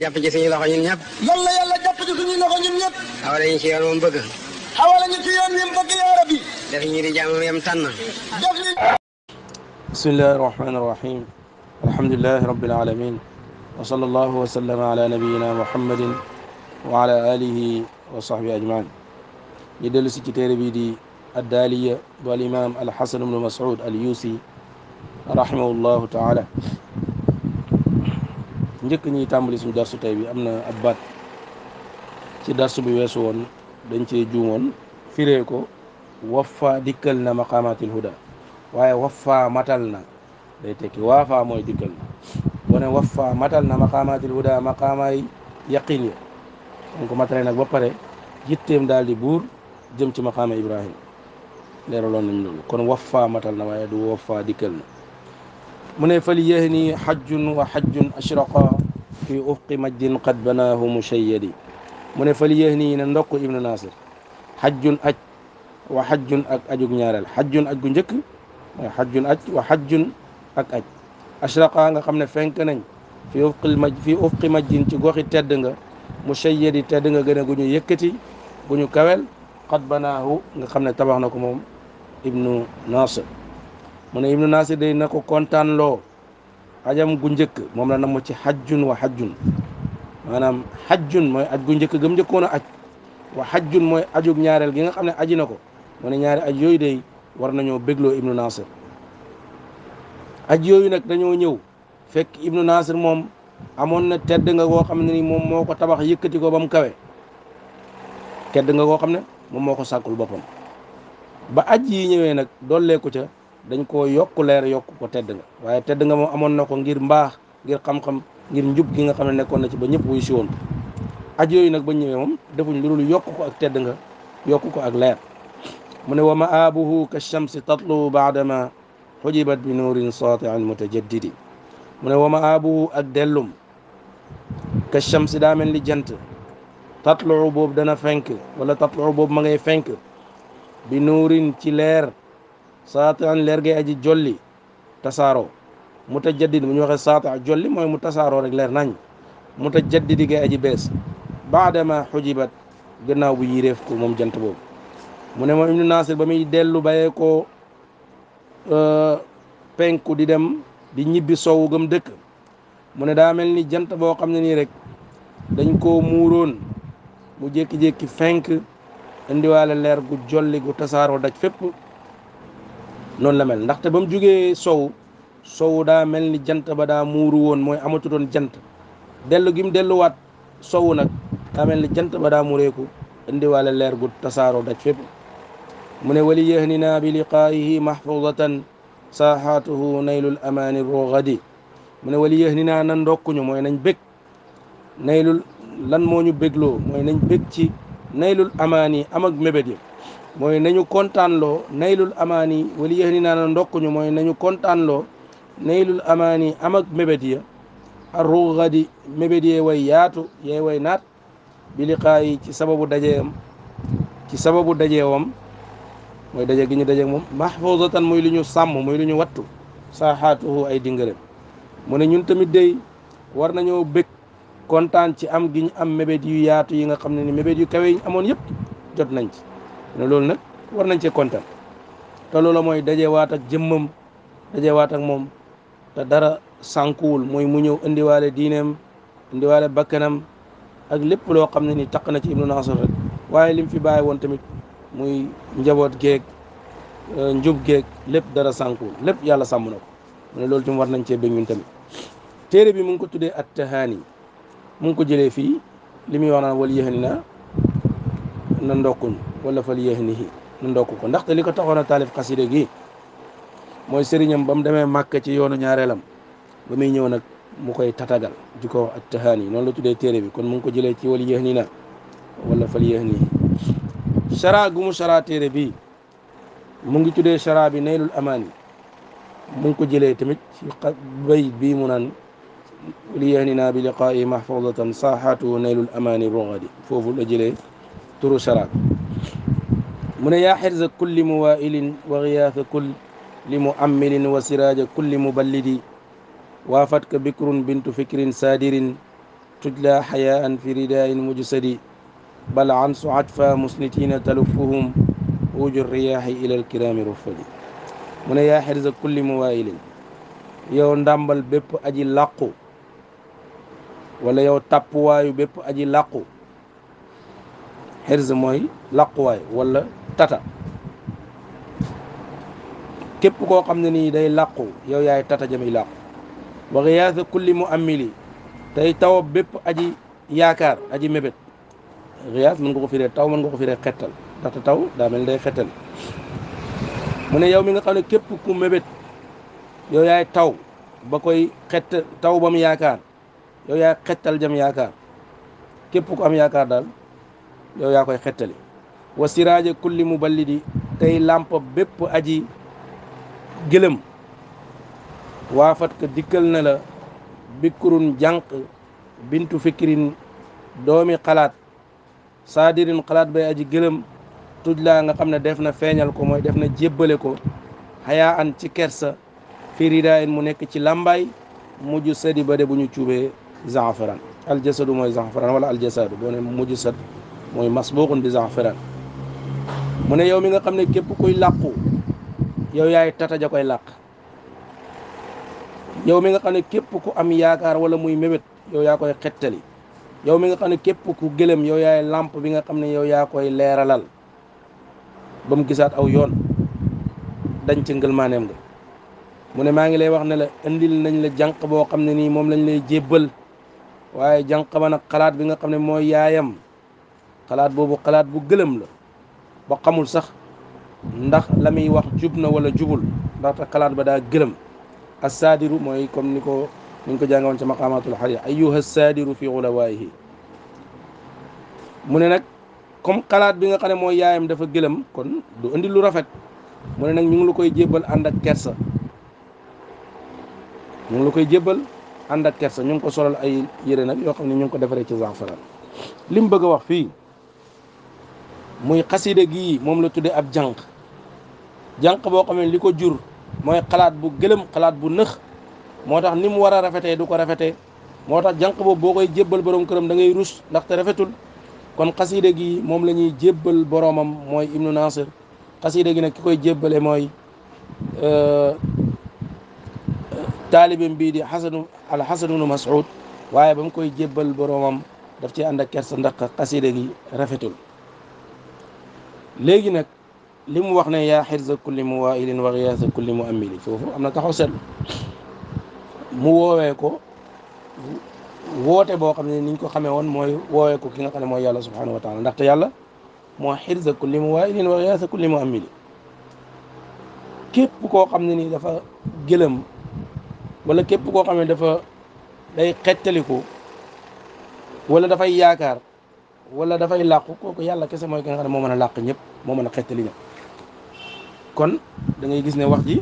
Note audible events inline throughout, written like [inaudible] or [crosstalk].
بسم الله الرحمن الرحيم الحمد لله رب العالمين وصلى الله وسلم على نبينا محمد وعلى آله وصحبه أجمعين يدل سكتير بيدي الدالية والإمام الحسن بن مسعود اليوسي رحمه الله تعالى njëkk ñi tàmbali suñu darsu tey bi am na ab baat ci darsu bi weesu woon dañ cee juumoon firee ko wafa dikkal na maqaamaatil huda waaye wafa matal na day tekki waafa mooy dikkal na boo ne matal na maqaamaatil huda maqaamaay yaqin ya donc matale nag ba pare jitteem daal di buur jëm ci maqaama ibrahim leeraloon nañ loolu kon wafa matal na waaye du wafa dikkal na mu ne fal yahni xajjun wa xajjun ashraqa fi ufqi majdin qad banaahu mushayyadi mu ne fal yahni ne ndokk ibnu nasir xajjun aj wa xajjun ak ajug ñaareel xajjun aj gu njëkk mooy xajjun aj wa xajjun ak aj ashraqa nga xam ne fenk nañ fi ufqi maj fi ufqi majdin ci goxi tedd nga mushayyadi tedd nga gën a gu ñu yëkkati gu ñu kawel qad banaahu nga xam ne tabax na ko moom ibnu nasir mu ne ibnu day na ko kontaan loo xajam gu njëkk moom la namm ci xajjun wa xajjun maanaam xajjun mooy aj gu njëkk gëm njëkkoon a aj wa xajjun mooy ajug ñaareel gi nga xam ne aji na ko mu ne ñaari aj yooyu day war nañoo bégloo ibnu naasir aj yooyu nag dañoo ñëw fekk ibnu naasir moom amoon na tedd nga koo xam ne ni moom moo ko tabax yëkkati ko ba mu kawe tedd nga koo xam ne moom moo ko sàkkul boppam ba aj yi ñëwee nag dolleeku ca dañ ko yokk leer yokk ko tedd nga waaye tedd nga moom amoon na ko ngir mbaax ngir xam-xam ngir njub ki nga xam ne nekkoon na ci ba ñëpp wuy si woon aj yooyu nag ba ñëwee defuñ lu yokk ko ak tedd nga yokk ko ak leer mu ne wa maabuhu ka shamsi tatlu baadama xujibat bi nuurin saatiin mutajaddidi mu ne wa maabuhu ak dellum ka shamsi daa mel ni jant tatlu boobu dana fenk wala tatlu boobu ma ngay fenk bi nuurin ci leer saataan leer gay aji jolli tasaaro mu ta jaddidi bu ñu waxee saata jolli mooy mu tasaaroo rek leer nañ mu ta jaddidi gay aji bees baadama xujibat gannaaw bu yiréef ko moom jant boobu mu ne moom ibnu naasir ba muy dellu bayee koo euh, penku di dem di ñibbi sowu gam dëkk mu ne daa mel ni jant boo xam ne nii rek dañ ko muuroon mu jékki-jékki fenk indiwaale leer gu jolli gu tasaaroo daj fépp noonu la mel ndaxte ba mu jugee sow sow daa mel ni jant ba daa muuru woon mooy amatu amatutoon jant dellu gi mu delluwaat sow nag daa mel ni jant ba daa muureeku indiwaale leer gu tasaaroo daj fépp mu ne wali yahni naa bi liqaayihi mahfudatan saaxaatuhu naylul amaani roogadi mu ne wali yahni naa nan ndokkuñu mooy nañ bég naylul lan mooñu ñu bégloo mooy nañ bég ci naylul amaani am ak mébét yi mooy nañu kontaanloo naylul amaani wali yéex ni naa na ndokkuñu mooy nañu kontaanloo naylul amaani am ak mébét ya arruxadi mébét yee way yaatu yee way naat bi yi ci sababu dajeem ci sababu dajeewam mooy daje gi ñu daje moom mahfuzatan muy lu ñu sàmm muy lu ñu wattu saaxaatuhu ay dingareem mu ne ñun tamit day war nañoo bëgg kontaan ci am giñ am mébét yu yaatu yi nga xam ne ni mébét yu kawe amoon yëpp jot nañ ci ne loolu nag war nañ cee te loolu mooy dajewaat ak jëmmam dajewaat ak moom te dara sànkuwul mooy mu ñëw indiwaale diineem indiwaale bakkanam ak lépp loo xam ne ni taq na ci ibnu rek waaye lim fi bàyyi woon tamit muy njaboot geeg euh, njub geek lépp dara sànkuwul lépp yàlla sàmm na ko mu ne loolu tamit war nañ cee bég tamit téere bi mu ngi ko tuddee at tahaani mu ngi ko jëlee fii li muy wax naan wal yëxani na na ndokkuñ wala fal yéexnihi nu ndokk ko ndaxte li ko taxoon a taalif xasida gi mooy sëriñam ba mu demee màkk ci yoonu ñaareelam ba muy ñëw nag mu koy tatagal di ko ak tahaan yi noonu la tuddee téere bi kon mu ngi ko jëlee ci wal yéexni na wala fa yéexnihi chara gu mu chara téere bi mu ngi tuddee chara bi naylul amaani mu ko jëlee tamit ci bay bii mu naan li yeeni naa bi liqaayi mahfadatan saaxaatu naylul amaani bogadi foofu la jëlee turu chara mu ne yaa xirza kulli muwaa'ilin wa giyaasa kulli muammilin wa siraaja kulli muballidi waafatka bikrun bintu fikrin saadirin تجلى حياء في رداء مجسد بل عنص عجفا مسنتين تلفهم وجه الرياح إلى الكرام رفد من يا حرز كل موائل yow ndàmbal bépp aji làqu wala yow tàppuwaayu bépp aji làqu xirz mooy làquwaay wala tata képp koo xam ne nii day làqu yow yaay tata jamiy làqu wa riyaasa kulli mu ammili tey taw bépp aji yaakaar aji mébét riyaas mën nga ko firee taw mën nga ko firee xettal ndaxte taw daa mel day xettal mu ne yow mi nga xam ne képp ku mébét yow yaay taw ba koy xett taw ba mu yaakaar yow yaay xettal jam yaakaar képp ku am yaakaar daal yow yaa koy xettali wa siraaja kulli muballidi tey làmpa bépp aji gëlëm waafat ka dikkal na la bikkurun jànq bintu fikirin doomi xalaat saadirin xalaat bay aji gëlëm tujlaa nga xam ne def na feeñal ko mooy def na jébbale ko xayaa an ci kersa fi mu nekk ci lambaay mujj sadi ba de bu ñu cuubee zafaran aljasadu mooy zafaran wala aljasadu boo mujj sad mooy masbuqun bi zafaran mu ne yow mi nga xam ne képp kuy làqu yow yaay tata ja koy làq yow mi nga xam ne képp ku am yaakaar wala muy mébét yow yaa koy xettali yow mi nga xam ne képp ku gëlëm yow yaay làmp bi nga xam ne yow yaa koy leeralal ba mu gisaat aw yoon dañ ci ngëlmaaneem nga mu ne maa ngi lay wax ne la indil nañ la jànq boo xam ne nii moom lañ lay jébbal waaye jànq ba nag xalaat bi nga xam ne mooy yaayam xalaat boobu xalaat bu gëlëm la ba xamul sax ndax la muy wax jub na wala jubul ndax kalaat ba daa gëlëm assaadiru mooy comme ni ko ni ñu ko jànga woon ci maqaamatul xaria ayuha saadiru fi xulawaayihi mu ne nag comme kalaat bi nga xam ne mooy yaayam dafa gëlëm kon du indi lu rafet mu ne nag ñu ngi la koy jébbal ànd ak kersa ñu ngi la koy jébbal ànd ak kersa ñu ngi ko solal ay yére nag yoo xam ne ñu ngi ko defaree ci zaafaran li mu wax fii muy xasida gii moom la tudde ab jànq jànq boo xam ne li ko jur mooy xalaat bu gëlëm xalaat bu nëx moo tax ni mu war a rafetee du ko rafete moo tax jànq boobu boo koy jébbal borom këram da ngay rus ndaxte rafetul kon xasida gi moom la ñuy jébbal boroomam mooy Ibnu Nasir xasida gi nag ki koy jébbale mooy euh, taalibam bii di xasanu al xasanu nu Mas'ud waaye ba mu koy jébbal boromam daf ci ànd ak kersa ndax xasida gi rafetul léegi nag li mu wax ne yaa xirsa kulli muwaa'ilin wa xiyaasa kulli mu'ammilin foofu am na taxaw seetlu mu woowee ko woote boo xam ne niñ ko xamee woon mooy woowee ko ki nga xam ne mooy yàlla subhanahu wa taala ndaxte yàlla moo xirsa kulli muwaa'ilin wa xiyaasa kulli mu'ammilin képp koo xam ne nii dafa gëlëm wala képp koo xam ne dafa day xettaliku wala dafay yaakaar wala dafay làqu kooku yàlla kese mooy ki nga xam ne moo mën a làq ñëpp moo mën a xettali ñëpp kon da gis ne wax ji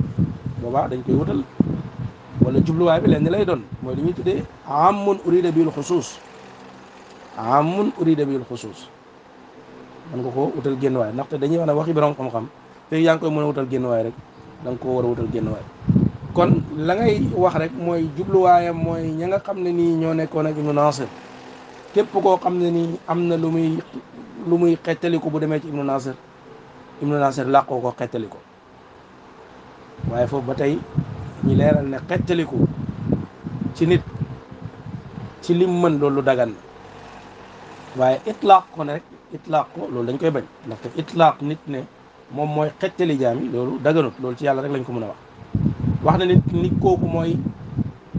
boobaa dañ koy wutal wala jubluwaay bi leen ni lay doon mooy li ñuy tuddee amun urida bil xusuus amun bi bil xusuus mën ko koo wutal génn waay ndaxte dañuy wax ne waxi borom xam-xam fekk yaa ngi koy mën a wutal génn waay rek danga koo war a wutal génn waay kon la ngay wax rek mooy jubluwaayam mooy ña nga xam ne nii ñoo nekkoon ak Ibnu Nasir képp koo xam ne nii am na lu muy lu muy xettaliku bu demee ci ibnu nasir ibnu nasir làqoo ko xettaliku waaye foofu ba tey ñu leeral ne xettaliku ci nit ci lim mën loolu dagan waaye itlaaq ko ne rek itlaaq ko loolu dañ koy bañ ndaxte itlaaq nit ne moom mooy xettali jaam yi loolu daganut loolu ci yàlla rek lañ ko mën a wax wax na nit nit kooku mooy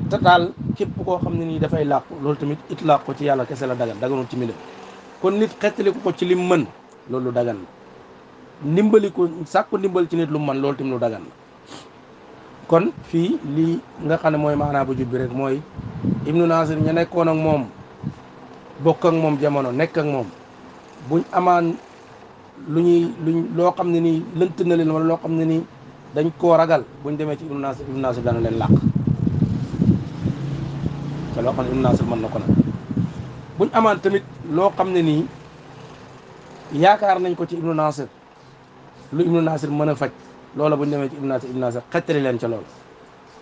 te daal képp koo xam ne nii dafay làqu loolu tamit it làqu ci yàlla kese la dagan daganul ci milieu kon nit xettaliku ko ci lim mën loolu lu dagan la ndimbali ko sàkku ndimbal ci nit lu mën loolu tamit lu dagan la kon fii lii nga xam ne mooy maanaa bu jub bi rek mooy ibnu nasir ña nekkoon ak moom bokk moom jamono nekk ak moom buñ amaan lu ñuy luñ loo xam ne nii lënt na leen wala loo xam ne nii dañ koo ragal buñ demee ci ibnu nasir ibnu nasir dana leen làq te loo xam ne Imam Nasir mën na ko nag buñ amaan tamit loo xam ne nii yaakaar nañ ko ci Ibnu Nasir lu Ibnu Nasir mën a faj loola buñ demee ci Ibnu Nasir Ibnu Nasir xettali leen ca loolu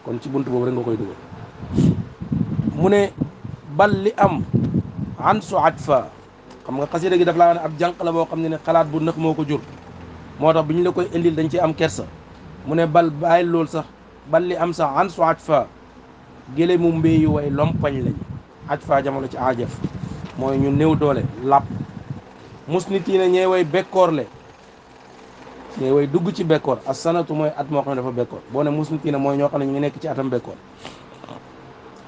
kon ci bunt boobu rek nga koy dugal mu ne bal li am an su aj fa xam nga xasida gi daf laa ne ab jànq la boo xam ne ne xalaat bu nëx moo ko jur moo tax bu ñu la koy indil dañ ci am kersa mu ne bal bàyyi loolu sax bal li am sax an su aj fa gëlemu mbéyu way lompañ lañ aj fa jamono ci aajëf mooy ñu néew doole làpp mus nit yi ne ñee way bekkoor le ñee way dugg ci bekkoor as sanatu mooy at moo xam ne dafa bekkoor boo ne mus nit yi mooy ñoo xam ne ñu ngi nekk ci atam bekkoor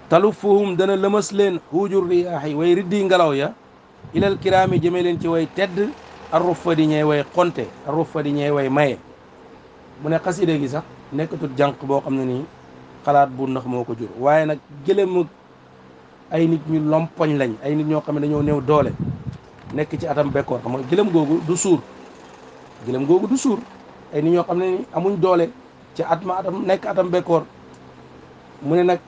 talufuhum dana lëmas leen huujur riyaax yi way riddi ngelaw ya ilal kiraami jëme leen ci way tedd arrufa di ñee way xonte arrufa di ñee way maye mu ne xaside gi sax nekkatul jànq boo xam ne nii xalaat bu ndax moo ko jur waaye nag gëléem ak ay nit ñu lompoñ lañ ay nit ñoo xam ne dañoo neew doole nekk ci atam bekkoor xam nga gëléem googu du suur gëléem googu du suur ay nit ñoo xam ne ni amuñ doole ci at ma atam nekk atam bekkoor mu ne nag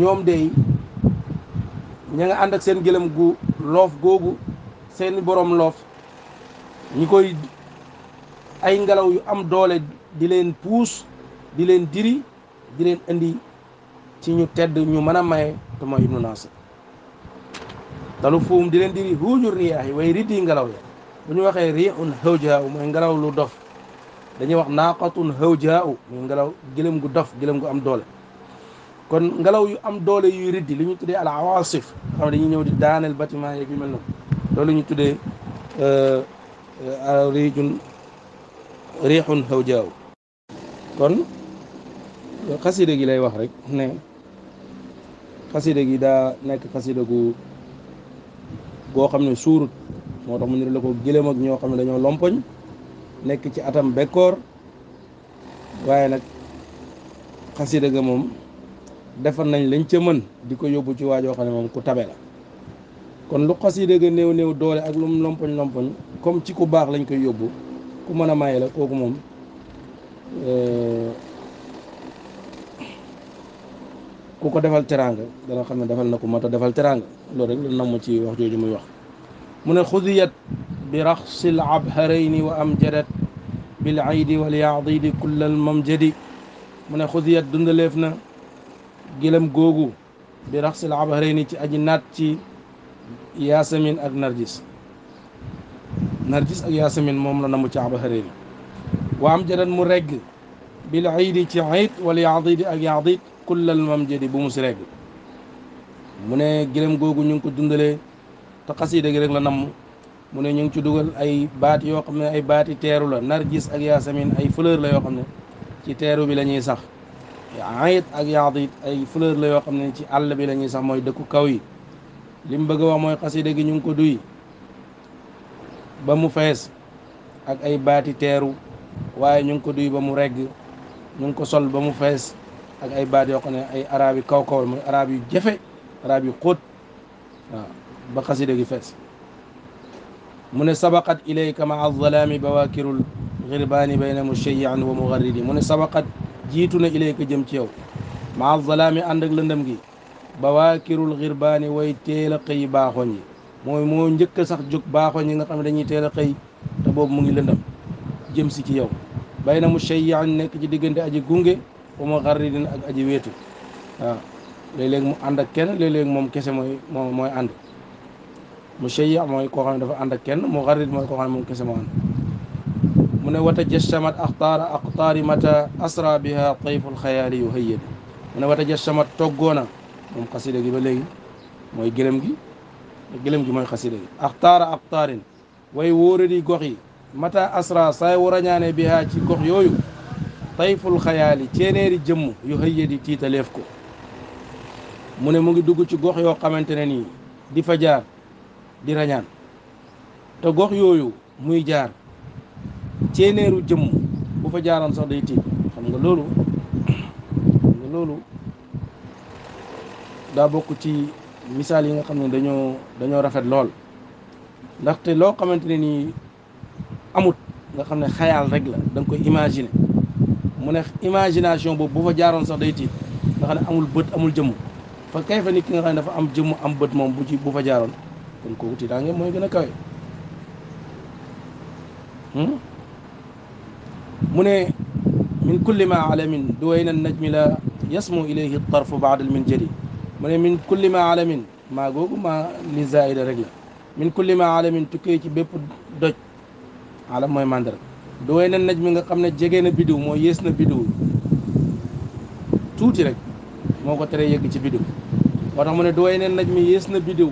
ñoom dey ña nga ànd ak seen gëlëm gu loof googu seeni boroom loof ñi koy ay ngelaw yu am doole di leen puus di leen diri di leen indi ci ñu tedd ñu mën a maye te mooy ibnu nasir talu fuum di leen diri huujur riyaah yi way rit yi ngelaw ya bu ñu waxee riixun hawjaa u mooy ngelaw lu dof dañuy wax naaqatun hawjaa u muy ngelaw gëlëm gu dof gëlëm gu am doole kon ngelaw yu am doole yuy riddi li ñu tuddee al awaasif dañuy ñëw di daaneel batiment yeeg yu mel noonu loolu ñu tuddee euh, euh, riijun riixun hawjaa u kon xasida gi lay wax rek ne xasida gi daa nekk xasida gu goo xam ne suurut moo tax mu nir la ko gëlëm ak ñoo xam ne dañoo lompoñ nekk ci atam bekkoor waaye nag xasida ga moom defar nañ lañ ca mën di ko yóbbu ci waajoo xam ne moom ku tabe la kon lu xasida ga néew néew doole ak lu mu lompoñ lompoñ comme ci ku baax lañ koy yóbbu ku mën a maye la kooku moom euh, ku ko defal teranga da nga xamne defal nako mata defal teranga lo rek lu nam ci wax joju muy wax mu khudiyat bi rakhsil l wa amjadat bil aydi wal ya'did kull al mu ne khudiyat dundaleef na gogu bi rakhsil l ci aji nat ci yasmin ak nargis nargis ak yasmin mom la nam ci abharayni wa amjadat mu reg bil aydi ci aid wal ya'did ak ya'did kullal mamjadi bu mu mus regg mu ne gërëm googu ñu ngi ko dundalee te xasiida gi rek la namm mu ne ñu ngi ci dugal ay baat yoo xam ne ay baati teeru la nargis ak yaasamin ay fleur la yoo ne ci teeru bi la sax ayit ak yaadit ay fleur la yoo xam ne ci àll bi la ñuy sax mooy dëkku kaw yi li mu bëgg a wax mooy xasiida gi ñu ngi ko duy ba mu fees ak ay baati teeru waaye ñu ngi ko duy ba mu regg ñu ngi ko sol ba mu fees ak ay baat yoo xam ne ay arab yi kaw kaw mooy arab yu jafe arab yu xóot waaw ba xasida gi fees mu ne sabaqat ilayka maa zalaami bawakirul xirbaani bayna mushayian wa mugarridi mu ne sabaqat jiitu na ilayka jëm ci yow maa zalaami ànd ak lëndëm gi bawaakirul xirbaani way teel a xëy baaxoñ yi mooy moo njëkk sax jóg baaxoñ yi nga xam ne dañuy teel a xëy te boobu mu ngi lëndëm jëm si ci yow bayna mushayian nekk ci diggante aji gunge wa muqarridin ak aji wéetu waaw ah, léeg mu ànd ak kenn léeg-léeg moom kese mooy moom mooy mu shayya mooy koo xam ne dafa ànd ak kenn muqarrid mooy koo xam ne moom kese moo ànd mu ne wata jassamat axtaara aqtaari mata asra biha tayful xayaali yu hayyad mu ne wata jassamat toggoona moom xasida gi ba léegi mooy gëlëm gi gëlëm gi mooy xasida gi axtaara aqtaarin way wóoradi gox mata asra saay warañaane biha ci gox yoyu tayful xayaali ceeneeri jëmm yu xëyyadi tiitaleef ko mu ne mu ngi dugg ci gox yoo xamante ne nii di fa jaar di rañaan te gox yooyu muy jaar ceeneeru jëmm bu fa jaaroon sax day tiit xam nga loolu xam nga loolu daa bokk ci misaal yi nga xam ne dañoo dañoo rafet lool ndaxte loo xamante ne nii amut nga xam ne xayaal rek la da koy imagine imagination boobu bu fa jaaroon sax day tiit nga xam ne amul bët amul jëmm fa kay fa nit ki nga xam ne dafa am jëmm am bët moom bu ci bu fa jaaroon kon kooku tiitaange mooy gën a kawe mu ne min kulli ma alamin duwayna najmi la yasmu ilayhi tarfu baada min jëri mu min kulli ma alamin maa googu ma li zaida rek la min kulli ma alamin tukkee ci bépp doj alam mooy màndara du way na naj mi nga xam ne jege na biddiw moo yées na biddiw tuuti rek moo ko tere yég ci biddiw moo tax mu ne du way naj mi yées na biddiw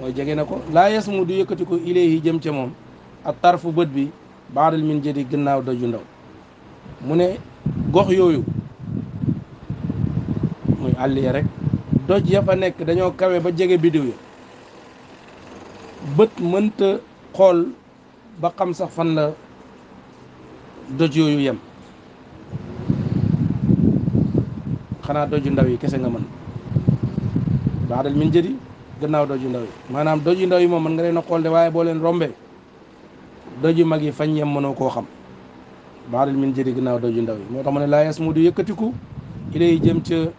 mooy jege na ko laa yes mu du yëkkati ko yi jëm ca moom ak tarfu bët bi baadal min jëdi gannaaw yu ndaw mu ne gox yooyu muy àll ya rek doj ya fa nekk dañoo kawe ba jege biddiw ya bët mënta xool ba xam sax fan la doj yooyu yem xanaa doj yu ndaw yi kese nga mën baaxdal min jëri gannaaw doj yu ndaw maanaam doj yu ndaw yi moom mën nga leen a xool de waaye boo leen rombee doj yu mag yi fañ yem mënoo koo xam baaxdal min jëri gannaaw doj yu ndaw yi moo tax mu ne laa yes mu di yëkkatiku ilay jëm ca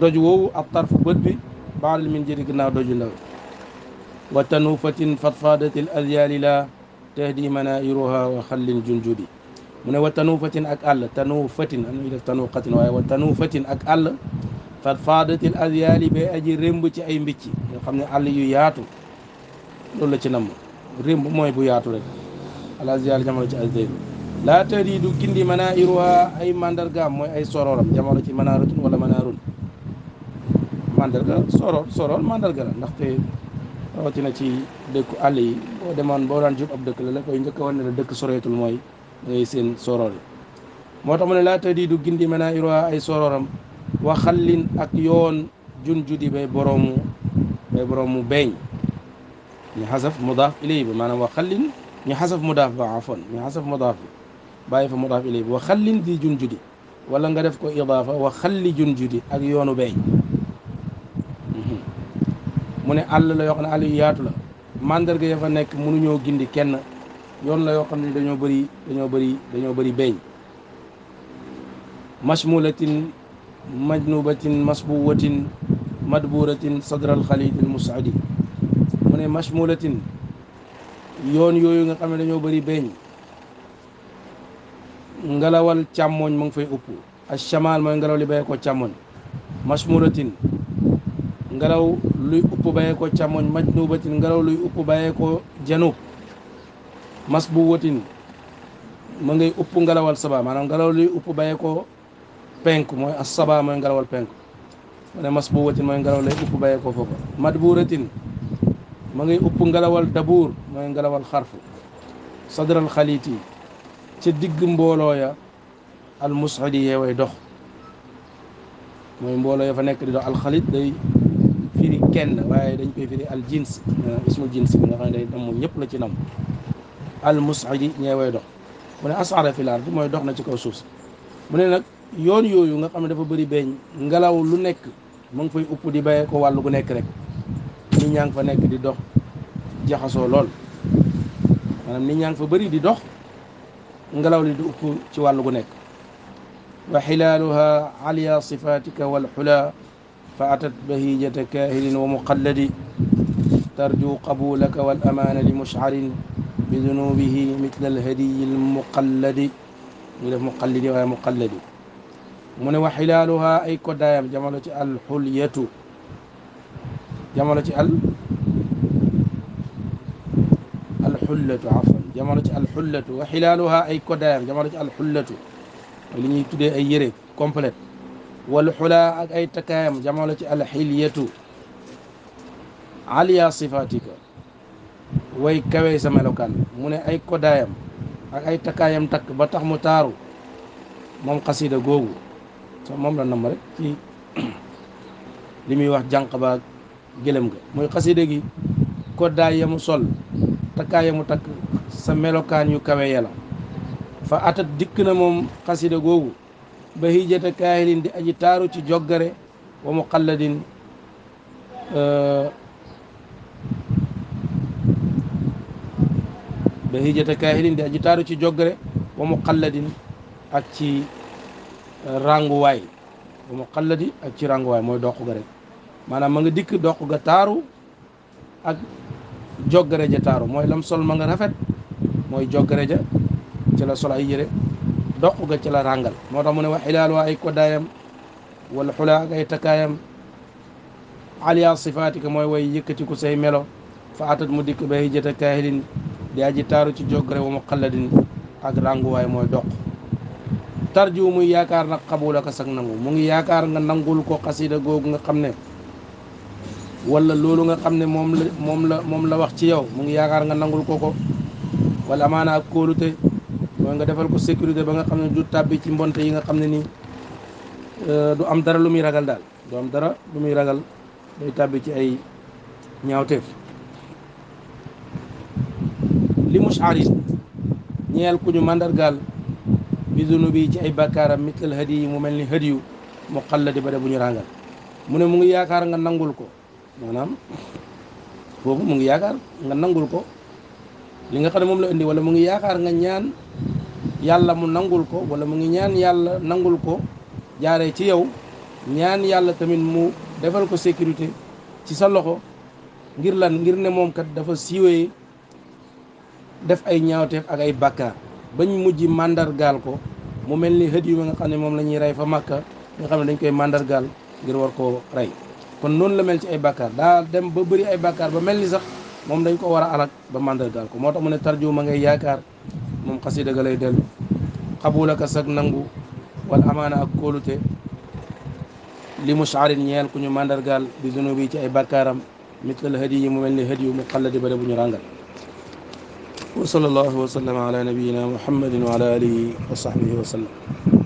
doj woowu ab tarfu bët bi baaxdal min jëri gannaaw doj yu ndaw yi wa tanuufatin fatfadatil tahdi manairuha wa xallin junjudi mu ne wa tanuufatin ak àll tanuufatin am na ñuy def tanuuqatin waaye wa tanuufatin ak àll fat faadatil adyaali bay aji rémb ci ay mbicci nga xam ne àll yu yaatu loolu la ci namm mooy bu yaatu rek al adyaali jamono ci azdaylu laa tahdi du ay mandargaam mooy ay sororam jamono ci manaaratun wala manaarun mandarga soror soror mandarga la ndaxte rawatina ci dëkku àll yi boo demoon boo daan jub ab dëkk la la koy njëkk a na ne dëkk soreetul mooy ngay seen soroor yi moo tax mu ne laa tëddi du gindi mën a iroa ay sorooram wa xallin ak yoon jun judi bay boroomu bay boroomu beeñ ñu xasaf mudaaf ilay ba maanaam wa xallin ñu xasaf mudaaf ba afon ñu xasaf mudaaf bi bàyyi fa mudaaf ilay ba wa xallin di jun judi wala nga def ko idaafa wa xalli jun judi ak yoonu beeñ mu ne àll ne àll yu yaatu la mandarga ya fa nekk mënuñoo gindi kenn yoon la yoo xam ne dañoo bëri dañoo bëri dañoo bëri beeñ mashmulatin majnubatin masbuwatin madburatin sadral xalitil musaadi mu ne mashmulatin yoon yooyu nga xam ne dañoo bari beeñ ngelawal càmmooñ mu ngi fay ëpp ak ngelaw li bay ko càmmoñ mashmulatin ngelaw luy upp bàyyee ko càmmoñ maj nuubatin ngelaw luy upp bàyyee ko janub mas bu wotin ma ngay upp ngelawal saba maanaam ngelaw luy upp bàyyee ko penk mooy as saba mooy ngelawal penk ma ne mas bu wotin mooy ngelaw lay upp bàyyee ko foofu madbuuratin ma ngay upp ngelawal dabuur mooy ngelawal xarfu sadral xaliit yi ca digg mboolooya ya al musxidi yeeway dox mooy mbooloo ya fa nekk di dox alxalit day firi kenn waaye dañ koy firi al jins ismul jins bi nga xam ne day damm ñëpp la ci nam al mus'idi ñee dox mu ne asara fil ardi mooy dox na ci kaw suuf si mu ne nag yoon yooyu nga xam ne dafa bari beeñ ngelaw lu nekk mu ngi fay upp di bayee ko wàllu gu nekk rek nit ñaa ngi fa nekk di dox jaxasoo lool maanaam nit ñaa ngi fa bëri di dox ngelaw li di upp ci wàllu gu nekk wa xilaaluha aliya sifatika wal xula فأتت بهيجة كاهل ومقلد ترجو قبولك والأمان لمشعر بذنوبه مثل الهدي المقلد إلى مقلد ولا مقلد من وحلالها أي كدايم جملة الحلية جملة ال الحلة عفوا جملة الحلة وحلالها أي كدايم جملة الحلة اللي نيجي تدي أي يري كومبليت wal xulaa ak ay takkaayam jamono la ci alxilyatu aliya sifatika way kawee sa melokaan mu ne ay kodaayam ak ay takkaayam takk ba tax mu taaru moom xasida googu so moom la nam rek ci [clears throat] li muy wax jànq ba ak gëlëm ga mooy xasida gi koddaay yamu sol takkaay mu takk sa melokaan yu kawe yàlla fa atat dikk na moom xasida googu bahijata kaahilin di aji taaru ci joggare wa muqalladin eh, bahijata kaahilin di aji taaru ci joggare wa muqalladin ak ci ranguwaay wa muqalladi ak ci ranguwaay mooy doq ga rek maanaam ma nga dikk doq ga taaru ak joggare ja taaru mooy lam sol ma nga rafet mooy joggare ja ci la sol ay yére doq ga ci la moo tax mu ne wa xilaal waa ay koddaayam wala xulaa ak ay takkaayam aliya sifaatika mooy way yëkkati ku say melo fa atat mu dikk ba hijjata kaahilin di aji taaru ci jog rew mu xalladin ak ranguwaay mooy doq tarjiw muy yaakaar nag xabula ka sag nangu mu ngi yaakaar nga nangul ko xasida googu nga xam ne wala loolu nga xam ne moom la moom la moom la wax ci yow mu ngi yaakaar nga nangul ko ko wala amaana ak kóolute mooy nga defal ko sécurité ba nga xam ne du tàbbi ci mbonte yi nga xam ne nii euh, du am dara lu muy ragal daal du am dara lu muy ragal day tàbbi ci ay ñaawteef li mushaarin ñeel ku ñu mandargaal bi bi ci ay bakkaaram mitlal hadi yi mu mel ni yu mu xalladi ba de bu ñu ràngal mu ne mu ngi yaakaar nga nangul ko maanaam foofu mu ngi yaakaar nga nangul ko li nga xam ne moom la indi wala mu ngi yaakaar nga ñaan yalla mu nangul ko wala mu ngi ñaan yalla nangul ko jaaree ci yow ñaan yalla tamit mu defal ko sécurité ci sa loxo ngir lan ngir ne mom kat dafa siiwee def ay ñaawteef ak ay bakka bañ mandar gal ko mu melni ni yu nga xam ne lañuy ray fa makka nga xam dañ koy gal ngir war ko ray kon non la mel ci ay bakkar da dem ba bëri ay bakkar ba melni sax mom dañ ko wara alak ba gal ko motax mu ne tarjuma ngay yakar moom xasida ga lay dellu xabulaka sag nangu wal amaana ak kóolute li mushaarin ñeel ku ñu mandargaal bi zunubi ci ay bakkaaram mitlal hadiyi mu mel ni hadiyu mu xalladi ba de bu ñu ràngal wa sallallahu wa sallam ala nabiyina muhammadin wa ala alihi wa sahbihi wa sallam